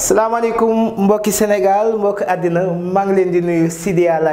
salaamaaleykum mbokki Sénégal mbokki àddina maa ngi leen di nuyu Sidya la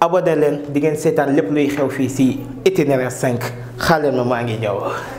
abonné leen di ngeen seetaan lépp luy xew fii ci itinéraire 5 xaaral ma maa ngi ñëw.